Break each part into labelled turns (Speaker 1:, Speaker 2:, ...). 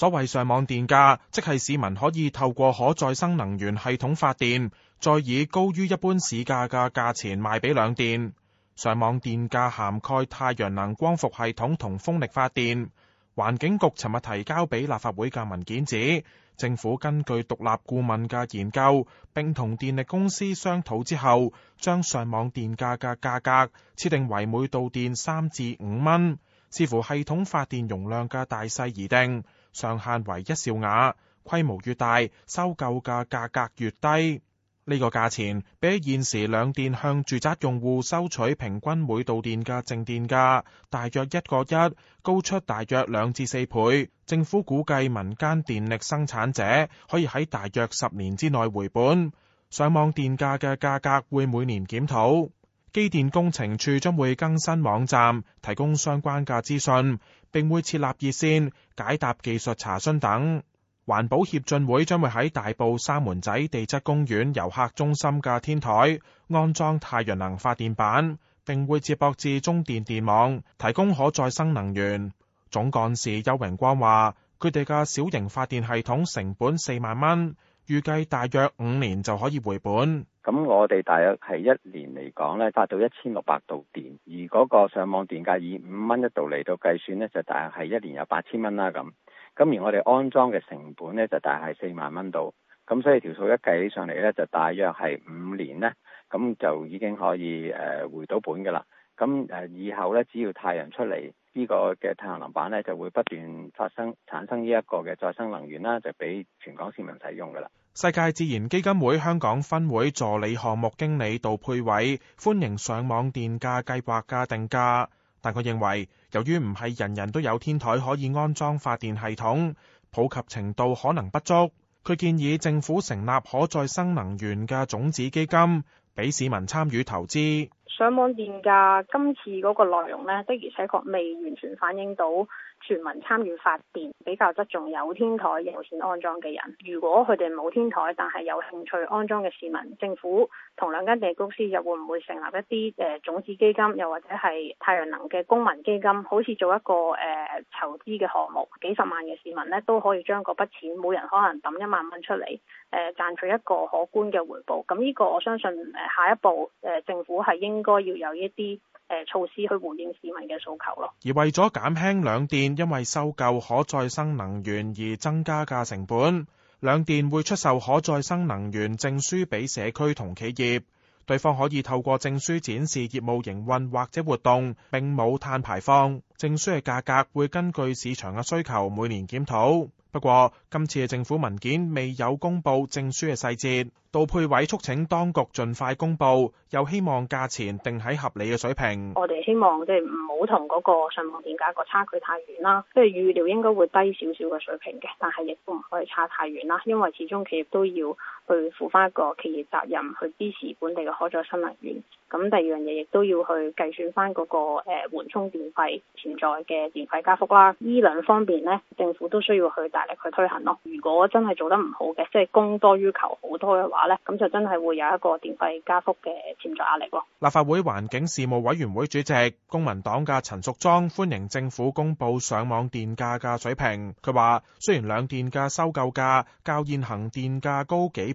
Speaker 1: 所謂上網電價，即係市民可以透過可再生能源系統發電，再以高於一般市價嘅價錢賣俾兩電。上網電價涵蓋太陽能光伏系統同風力發電。環境局尋日提交俾立法會嘅文件指，政府根據獨立顧問嘅研究，並同電力公司商討之後，將上網電價嘅價格設定為每度電三至五蚊，視乎系統發電容量嘅大細而定。上限為一兆瓦，規模越大，收購價價格越低。呢、這個價錢比現時兩電向住宅用戶收取平均每度電嘅淨電價大約一個一，高出大約兩至四倍。政府估計民間電力生產者可以喺大約十年之內回本。上網電價嘅價格會每年檢討。機電工程處將會更新網站，提供相關嘅資訊，並會設立熱線，解答技術查詢等。環保協進會將會喺大埔三門仔地質公園遊客中心嘅天台安裝太陽能發電板，並會接駁至中電電網，提供可再生能源。總幹事邱榮光話，佢哋嘅小型發電系統成本四萬蚊。預計大約五年就可以回本，
Speaker 2: 咁我哋大約係一年嚟講咧，達到一千六百度電，而嗰個上網電價以五蚊一度嚟到計算咧，就大約係一年有八千蚊啦咁，咁而我哋安裝嘅成本咧，就大約係四萬蚊度，咁所以條數一計上嚟咧，就大約係五年咧，咁就已經可以誒、呃、回到本噶啦，咁誒、呃、以後咧只要太陽出嚟。呢個嘅太陽能板呢，就會不斷發生產生呢一個嘅再生能源啦，就俾全港市民使用㗎喇。
Speaker 1: 世界自然基金會香港分會助理項目經理杜佩偉歡迎上網電價計劃嘅定價，但佢認為由於唔係人人都有天台可以安裝發電系統，普及程度可能不足。佢建議政府成立可再生能源嘅種子基金，俾市民參與投資。
Speaker 2: 上網電價今次嗰個內容呢，的而且確未完全反映到。全民參與發電比較側重有天台、有線安裝嘅人。如果佢哋冇天台，但係有興趣安裝嘅市民，政府同兩間電公司又會唔會成立一啲誒、呃、種子基金，又或者係太陽能嘅公民基金，好似做一個誒、呃、籌資嘅項目，幾十萬嘅市民呢都可以將嗰筆錢，每人可能抌一萬蚊出嚟，誒、呃、賺取一個可觀嘅回報。咁呢個我相信誒、呃、下一步誒、呃、政府係應該要有一啲。誒措施去回應市民嘅訴求咯，
Speaker 1: 而為咗減輕兩電，因為收購可再生能源而增加嘅成本，兩電會出售可再生能源證書俾社區同企業，對方可以透過證書展示業務營運或者活動，並冇碳排放。證書嘅價格會根據市場嘅需求每年檢討。不過今次嘅政府文件未有公布證書嘅細節，杜佩偉促請當局盡快公布，又希望價錢定喺合理嘅水平。
Speaker 2: 我哋希望即係唔好同嗰個上網電價個差距太遠啦，即係預料應該會低少少嘅水平嘅，但係亦都唔可以差太遠啦，因為始終企業都要。去負翻一個企業責任，去支持本地嘅可再生能源。咁第二樣嘢亦都要去計算翻嗰個誒緩衝電費潛在嘅電費加幅啦。呢兩方面呢，政府都需要去大力去推行咯。如果真係做得唔好嘅，即係供多於求好多嘅話呢，咁就真係會有一個電費加幅嘅潛在壓力咯。
Speaker 1: 立法會環境事務委員會主席公民黨嘅陳淑莊歡迎政府公布上網電價嘅水平。佢話：雖然兩電嘅收購價較現行電價高幾，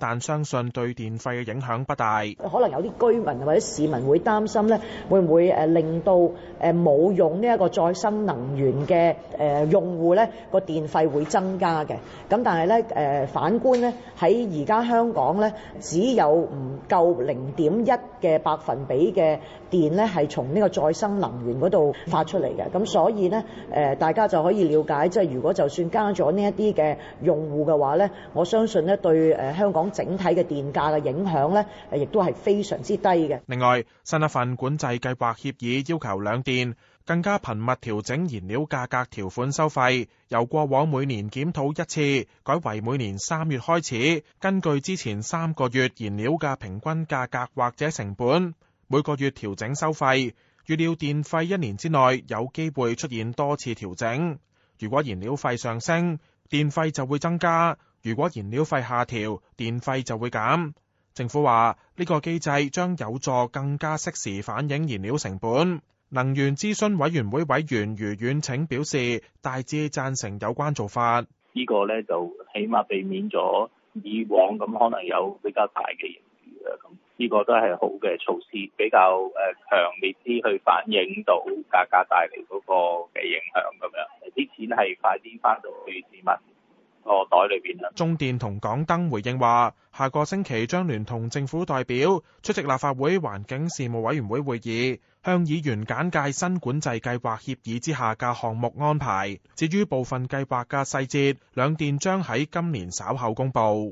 Speaker 1: 但相信對電費嘅影響不大。
Speaker 2: 可能有啲居民或者市民會擔心咧，會唔會誒令到誒冇用呢一個再生能源嘅誒用戶咧個電費會增加嘅。咁但係咧誒反觀咧喺而家香港咧只有唔夠零點一嘅百分比嘅電咧係從呢個再生能源嗰度發出嚟嘅。咁所以咧誒大家就可以了解，即係如果就算加咗呢一啲嘅用戶嘅話咧，我相信咧對誒香港。整體嘅電價嘅影響呢，亦都係非常之低嘅。
Speaker 1: 另外，新一份管制計劃協議要求兩電更加頻密調整燃料價格條款收費，由過往每年檢討一次，改為每年三月開始，根據之前三個月燃料價嘅平均價格或者成本，每個月調整收費。預料電費一年之內有機會出現多次調整。如果燃料費上升，電費就會增加。如果燃料費下調，電費就會減。政府話呢個機制將有助更加適時反映燃料成本。能源諮詢委員會委員余遠請表示大致贊成有關做法。
Speaker 2: 呢個咧就起碼避免咗以往咁可能有比較大嘅盈餘啊。咁呢個都係好嘅措施，比較誒強烈啲去反映到價格帶嚟嗰個嘅影響咁樣。啲錢係快啲翻到去市
Speaker 1: 民。中電同港燈回應話，下個星期將聯同政府代表出席立法會環境事務委員會會議，向議員簡介新管制計劃協議之下嘅項目安排。至於部分計劃嘅細節，兩電將喺今年稍後公佈。